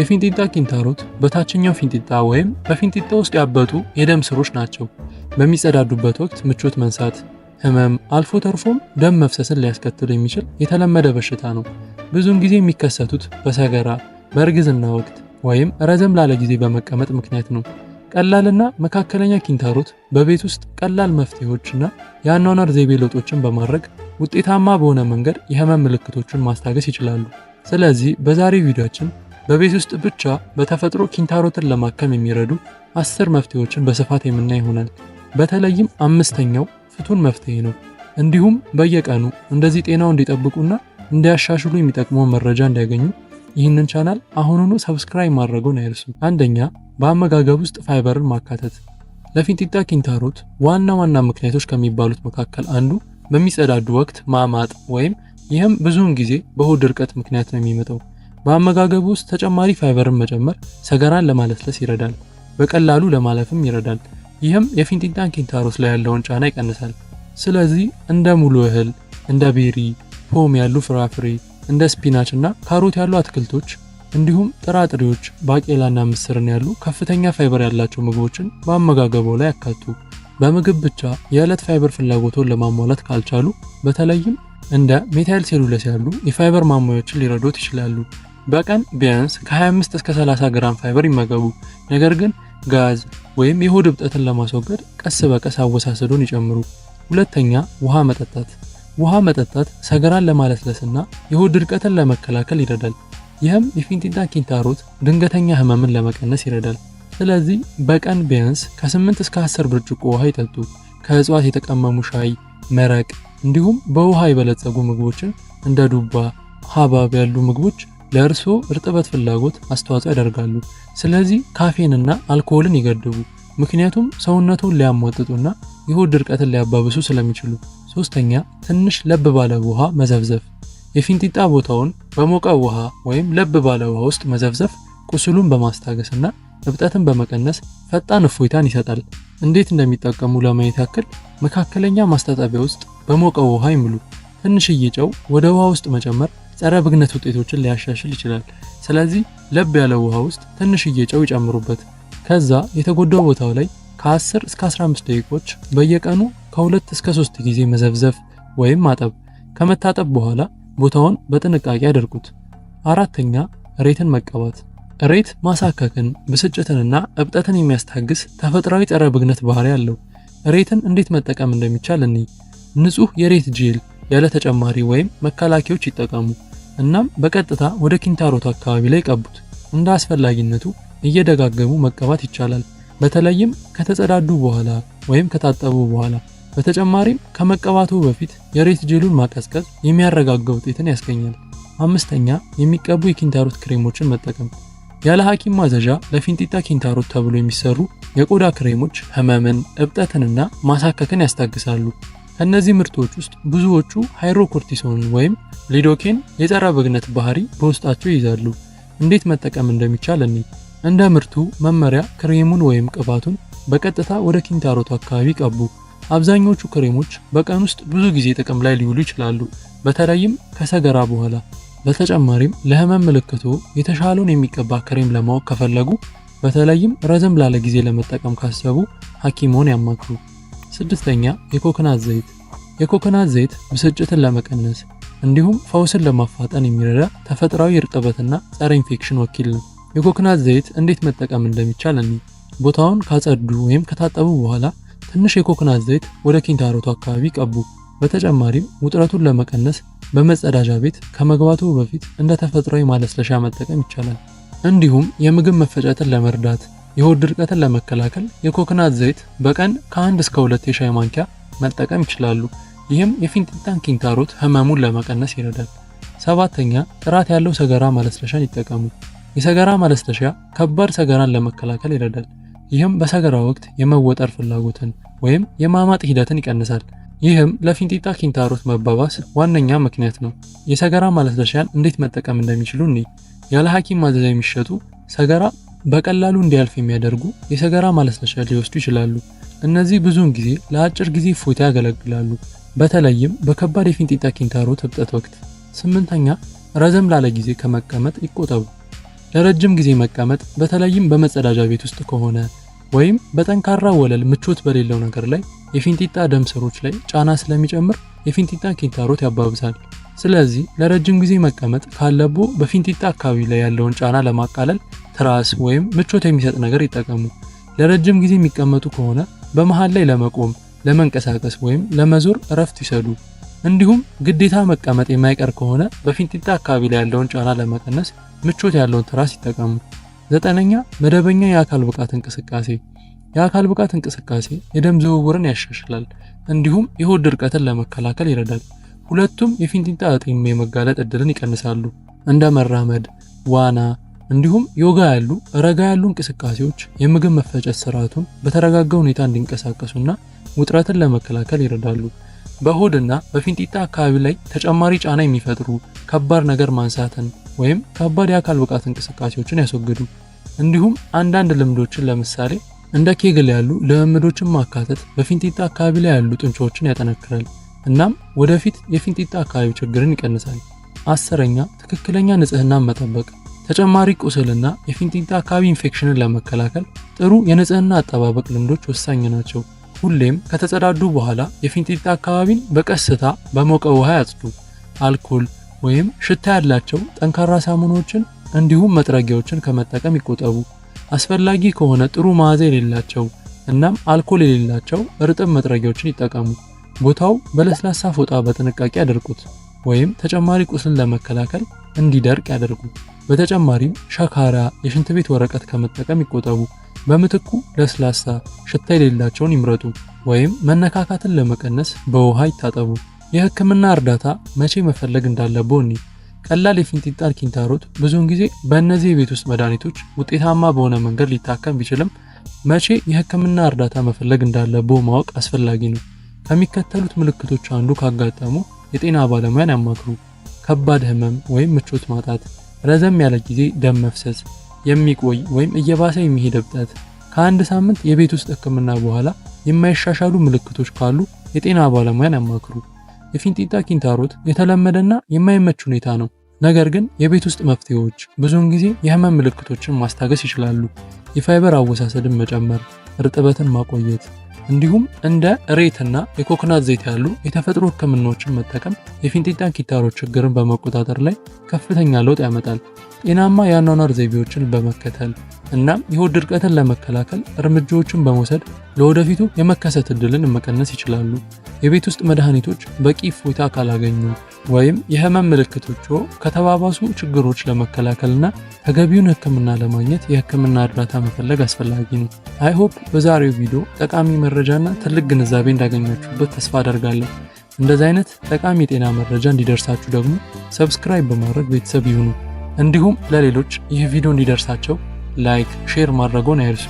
የፊንጢጣ ኪንታሮት በታችኛው ፊንጢጣ ወይም በፊንጢጣ ውስጥ ያበጡ የደም ስሮች ናቸው። በሚጸዳዱበት ወቅት ምቾት መንሳት፣ ህመም፣ አልፎ ተርፎም ደም መፍሰስን ሊያስከትል የሚችል የተለመደ በሽታ ነው። ብዙውን ጊዜ የሚከሰቱት በሰገራ፣ በእርግዝና ወቅት ወይም ረዘም ላለ ጊዜ በመቀመጥ ምክንያት ነው። ቀላልና መካከለኛ ኪንታሮት በቤት ውስጥ ቀላል መፍትሄዎችና የአኗኗር ዘይቤ ለውጦችን በማድረግ ውጤታማ በሆነ መንገድ የህመም ምልክቶችን ማስታገስ ይችላሉ። ስለዚህ በዛሬው ቪዲዮችን በቤት ውስጥ ብቻ በተፈጥሮ ኪንታሮትን ለማከም የሚረዱ አስር መፍትሄዎችን በስፋት የምናይ ይሆናል። በተለይም አምስተኛው ፍቱን መፍትሄ ነው። እንዲሁም በየቀኑ እንደዚህ ጤናው እንዲጠብቁና እንዲያሻሽሉ የሚጠቅመውን መረጃ እንዲያገኙ ይህንን ቻናል አሁኑኑ ሰብስክራይብ ማድረጉን አይርሱ። አንደኛ፣ በአመጋገብ ውስጥ ፋይበርን ማካተት። ለፊንጢጣ ኪንታሮት ዋና ዋና ምክንያቶች ከሚባሉት መካከል አንዱ በሚጸዳዱ ወቅት ማማጥ ወይም ይህም ብዙውን ጊዜ በሆድ ድርቀት ምክንያት ነው የሚመጣው። በአመጋገብ ውስጥ ተጨማሪ ፋይበርን መጨመር ሰገራን ለማለስለስ ይረዳል፣ በቀላሉ ለማለፍም ይረዳል። ይህም የፊንጢጣን ኪንታሮስ ላይ ያለውን ጫና ይቀንሳል። ስለዚህ እንደ ሙሉ እህል፣ እንደ ቤሪ፣ ፖም ያሉ ፍራፍሬ፣ እንደ ስፒናች እና ካሮት ያሉ አትክልቶች እንዲሁም ጥራጥሬዎች፣ ባቄላና ምስርን ያሉ ከፍተኛ ፋይበር ያላቸው ምግቦችን በአመጋገበው ላይ ያካቱ። በምግብ ብቻ የዕለት ፋይበር ፍላጎቶን ለማሟላት ካልቻሉ በተለይም እንደ ሜታይል ሴሉለስ ያሉ የፋይበር ማሟያዎችን ሊረዶት ይችላሉ። በቀን ቢያንስ ከ25 እስከ 30 ግራም ፋይበር ይመገቡ። ነገር ግን ጋዝ ወይም የሆድ እብጠትን ለማስወገድ ቀስ በቀስ አወሳሰዱን ይጨምሩ። ሁለተኛ ውሃ መጠጣት። ውሃ መጠጣት ሰገራን ለማለስለስና የሆድ ድርቀትን ለመከላከል ይረዳል። ይህም የፊንጢጣ ኪንታሮት ድንገተኛ ህመምን ለመቀነስ ይረዳል። ስለዚህ በቀን ቢያንስ ከ8 እስከ 10 ብርጭቆ ውሃ ይጠጡ። ከእጽዋት የተቀመሙ ሻይ፣ መረቅ እንዲሁም በውሃ የበለጸጉ ምግቦችን እንደ ዱባ፣ ሀባብ ያሉ ምግቦች ለእርስዎ እርጥበት ፍላጎት አስተዋጽኦ ያደርጋሉ። ስለዚህ ካፌንና አልኮልን ይገድቡ፣ ምክንያቱም ሰውነቱን ሊያሟጥጡና የሆድ ድርቀትን ሊያባብሱ ስለሚችሉ። ሶስተኛ ትንሽ ለብ ባለ ውሃ መዘፍዘፍ። የፊንጢጣ ቦታውን በሞቀ ውሃ ወይም ለብ ባለ ውሃ ውስጥ መዘፍዘፍ ቁስሉን በማስታገስና እብጠትን በመቀነስ ፈጣን እፎይታን ይሰጣል። እንዴት እንደሚጠቀሙ ለማየት ያክል መካከለኛ ማስታጠቢያ ውስጥ በሞቀ ውሃ ይምሉ። ትንሽዬ ጨው ወደ ውሃ ውስጥ መጨመር ጸረ ብግነት ውጤቶችን ሊያሻሽል ይችላል። ስለዚህ ለብ ያለ ውሃ ውስጥ ትንሽዬ ጨው ይጨምሩበት። ከዛ የተጎዳው ቦታው ላይ ከ10 እስከ 15 ደቂቆች በየቀኑ ከሁለት እስከ ሶስት ጊዜ መዘፍዘፍ ወይም ማጠብ። ከመታጠብ በኋላ ቦታውን በጥንቃቄ አድርጉት። አራተኛ እሬትን መቀባት። እሬት ማሳከክን፣ ብስጭትንና እብጠትን የሚያስታግስ ተፈጥሯዊ ጸረ ብግነት ባህሪ አለው። እሬትን እንዴት መጠቀም እንደሚቻል እንይ። ንጹህ የሬት ጄል ያለ ተጨማሪ ወይም መከላከያዎች ይጠቀሙ። እናም በቀጥታ ወደ ኪንታሮት አካባቢ ላይ ቀቡት። እንደ አስፈላጊነቱ እየደጋገሙ መቀባት ይቻላል፣ በተለይም ከተጸዳዱ በኋላ ወይም ከታጠቡ በኋላ። በተጨማሪም ከመቀባቱ በፊት የሬት ጄሉን ማቀዝቀዝ የሚያረጋጋ ውጤትን ያስገኛል። አምስተኛ የሚቀቡ የኪንታሮት ክሬሞችን መጠቀም። ያለ ሐኪም ማዘዣ ለፊንጢጣ ኪንታሮት ተብሎ የሚሰሩ የቆዳ ክሬሞች ህመምን፣ እብጠትንና ማሳከክን ያስታግሳሉ። ከእነዚህ ምርቶች ውስጥ ብዙዎቹ ሃይድሮኮርቲሶን ወይም ሊዶኬን የጸረ ብግነት ባህሪ በውስጣቸው ይይዛሉ። እንዴት መጠቀም እንደሚቻል እኔ እንደ ምርቱ መመሪያ ክሬሙን ወይም ቅባቱን በቀጥታ ወደ ኪንታሮቱ አካባቢ ቀቡ። አብዛኞቹ ክሬሞች በቀን ውስጥ ብዙ ጊዜ ጥቅም ላይ ሊውሉ ይችላሉ፣ በተለይም ከሰገራ በኋላ። በተጨማሪም ለህመም ምልክቶ የተሻለውን የሚቀባ ክሬም ለማወቅ ከፈለጉ፣ በተለይም ረዘም ላለ ጊዜ ለመጠቀም ካሰቡ ሐኪሞን ያማክሩ። ስድስተኛ የኮኮናት ዘይት የኮኮናት ዘይት ብስጭትን ለመቀነስ እንዲሁም ፈውስን ለማፋጠን የሚረዳ ተፈጥሯዊ እርጥበትና ጸረ ኢንፌክሽን ወኪል ነው። የኮኮናት ዘይት እንዴት መጠቀም እንደሚቻል እኒ ቦታውን ካጸዱ ወይም ከታጠቡ በኋላ ትንሽ የኮኮናት ዘይት ወደ ኪንታሮቱ አካባቢ ቀቡ። በተጨማሪም ውጥረቱን ለመቀነስ በመጸዳጃ ቤት ከመግባቱ በፊት እንደ ተፈጥሯዊ ማለስለሻ መጠቀም ይቻላል። እንዲሁም የምግብ መፈጨትን ለመርዳት የሆድ ድርቀትን ለመከላከል የኮኮናት ዘይት በቀን ከአንድ እስከ ሁለት የሻይ ማንኪያ መጠቀም ይችላሉ። ይህም የፊንጢጣን ኪንታሮት ህመሙን ለመቀነስ ይረዳል። ሰባተኛ ጥራት ያለው ሰገራ ማለስለሻን ይጠቀሙ። የሰገራ ማለስለሻ ከባድ ሰገራን ለመከላከል ይረዳል። ይህም በሰገራ ወቅት የመወጠር ፍላጎትን ወይም የማማጥ ሂደትን ይቀንሳል። ይህም ለፊንጢጣ ኪንታሮት መባባስ ዋነኛ ምክንያት ነው። የሰገራ ማለስለሻን እንዴት መጠቀም እንደሚችሉ እኔ ያለ ሐኪም ማዘዣ የሚሸጡ ሰገራ በቀላሉ እንዲያልፍ የሚያደርጉ የሰገራ ማለስለሻ ሊወስዱ ይችላሉ። እነዚህ ብዙውን ጊዜ ለአጭር ጊዜ እፎይታ ያገለግላሉ፣ በተለይም በከባድ የፊንጢጣ ኪንታሮት እብጠት ወቅት። ስምንተኛ ረዘም ላለ ጊዜ ከመቀመጥ ይቆጠቡ። ለረጅም ጊዜ መቀመጥ በተለይም በመጸዳጃ ቤት ውስጥ ከሆነ ወይም በጠንካራ ወለል ምቾት በሌለው ነገር ላይ የፊንጢጣ ደም ስሮች ላይ ጫና ስለሚጨምር የፊንጢጣ ኪንታሮት ያባብሳል። ስለዚህ ለረጅም ጊዜ መቀመጥ ካለቦ በፊንጢጣ አካባቢ ላይ ያለውን ጫና ለማቃለል ትራስ ወይም ምቾት የሚሰጥ ነገር ይጠቀሙ። ለረጅም ጊዜ የሚቀመጡ ከሆነ በመሃል ላይ ለመቆም፣ ለመንቀሳቀስ ወይም ለመዞር እረፍት ይሰዱ። እንዲሁም ግዴታ መቀመጥ የማይቀር ከሆነ በፊንጢጣ አካባቢ ላይ ያለውን ጫና ለመቀነስ ምቾት ያለውን ትራስ ይጠቀሙ። ዘጠነኛ መደበኛ የአካል ብቃት እንቅስቃሴ። የአካል ብቃት እንቅስቃሴ የደም ዝውውርን ያሻሽላል፣ እንዲሁም የሆድ ድርቀትን ለመከላከል ይረዳል። ሁለቱም የፊንጢጣ እጢም የመጋለጥ እድልን ይቀንሳሉ። እንደ መራመድ፣ ዋና፣ እንዲሁም ዮጋ ያሉ ረጋ ያሉ እንቅስቃሴዎች የምግብ መፈጨት ስርዓቱን በተረጋጋ ሁኔታ እንዲንቀሳቀሱና ውጥረትን ለመከላከል ይረዳሉ። በሆድና በፊንጢጣ አካባቢ ላይ ተጨማሪ ጫና የሚፈጥሩ ከባድ ነገር ማንሳትን ወይም ከባድ የአካል ብቃት እንቅስቃሴዎችን ያስወግዱ። እንዲሁም አንዳንድ ልምዶችን ለምሳሌ እንደ ኬግል ያሉ ልምምዶችን ማካተት በፊንጢጣ አካባቢ ላይ ያሉ ጡንቻዎችን ያጠነክራል፣ እናም ወደፊት የፊንጢጣ አካባቢ ችግርን ይቀንሳል። አስረኛ ትክክለኛ ንጽህናን መጠበቅ ተጨማሪ ቁስልና የፊንጢጣ አካባቢ ኢንፌክሽንን ለመከላከል ጥሩ የንጽህና አጠባበቅ ልምዶች ወሳኝ ናቸው። ሁሌም ከተጸዳዱ በኋላ የፊንጢጣ አካባቢን በቀስታ በሞቀ ውሃ ያጽዱ። አልኮል ወይም ሽታ ያላቸው ጠንካራ ሳሙናዎችን እንዲሁም መጥረጊያዎችን ከመጠቀም ይቆጠቡ። አስፈላጊ ከሆነ ጥሩ መዓዛ የሌላቸው እናም አልኮል የሌላቸው እርጥብ መጥረጊያዎችን ይጠቀሙ። ቦታው በለስላሳ ፎጣ በጥንቃቄ ያደርጉት ወይም ተጨማሪ ቁስልን ለመከላከል እንዲደርቅ ያደርጉ። በተጨማሪም ሸካራ፣ የሽንት ቤት ወረቀት ከመጠቀም ይቆጠቡ። በምትኩ ለስላሳ ሽታ የሌላቸውን ይምረጡ፣ ወይም መነካካትን ለመቀነስ በውሃ ይታጠቡ። የህክምና እርዳታ መቼ መፈለግ እንዳለብዎ ቀላል የፊንጢጣን ኪንታሮት ብዙውን ጊዜ በእነዚህ የቤት ውስጥ መድኃኒቶች ውጤታማ በሆነ መንገድ ሊታከም ቢችልም መቼ የህክምና እርዳታ መፈለግ እንዳለብዎ ማወቅ አስፈላጊ ነው። ከሚከተሉት ምልክቶች አንዱ ካጋጠሙ የጤና ባለሙያን ያማክሩ፦ ከባድ ህመም ወይም ምቾት ማጣት ረዘም ያለ ጊዜ ደም መፍሰስ፣ የሚቆይ ወይም እየባሰ የሚሄድ እብጠት፣ ከአንድ ሳምንት የቤት ውስጥ ህክምና በኋላ የማይሻሻሉ ምልክቶች ካሉ የጤና ባለሙያን ያማክሩ። የፊንጢጣ ኪንታሮት የተለመደና የማይመች ሁኔታ ነው። ነገር ግን የቤት ውስጥ መፍትሄዎች ብዙውን ጊዜ የህመም ምልክቶችን ማስታገስ ይችላሉ። የፋይበር አወሳሰድን መጨመር፣ እርጥበትን ማቆየት እንዲሁም እንደ ሬትና የኮኮናት ዘይት ያሉ የተፈጥሮ ሕክምናዎችን መጠቀም የፊንጢጣ ኪታሮ ችግርን በመቆጣጠር ላይ ከፍተኛ ለውጥ ያመጣል። ጤናማ የአኗኗር ዘይቤዎችን በመከተል እናም የሆድ ድርቀትን ለመከላከል እርምጃዎችን በመውሰድ ለወደፊቱ የመከሰት እድልን መቀነስ ይችላሉ። የቤት ውስጥ መድኃኒቶች በቂ እፎይታ ካላገኙ ወይም የህመም ምልክቶች ከተባባሱ ችግሮች ለመከላከልና ተገቢውን ሕክምና ለማግኘት የሕክምና እርዳታ መፈለግ አስፈላጊ ነው። አይሆፕ በዛሬው ቪዲዮ ጠቃሚ መረጃና ትልቅ ግንዛቤ እንዳገኛችሁበት ተስፋ አደርጋለሁ። እንደዚህ አይነት ጠቃሚ የጤና መረጃ እንዲደርሳችሁ ደግሞ ሰብስክራይብ በማድረግ ቤተሰብ ይሁኑ። እንዲሁም ለሌሎች ይህ ቪዲዮ እንዲደርሳቸው ላይክ፣ ሼር ማድረጎን አይርሱ።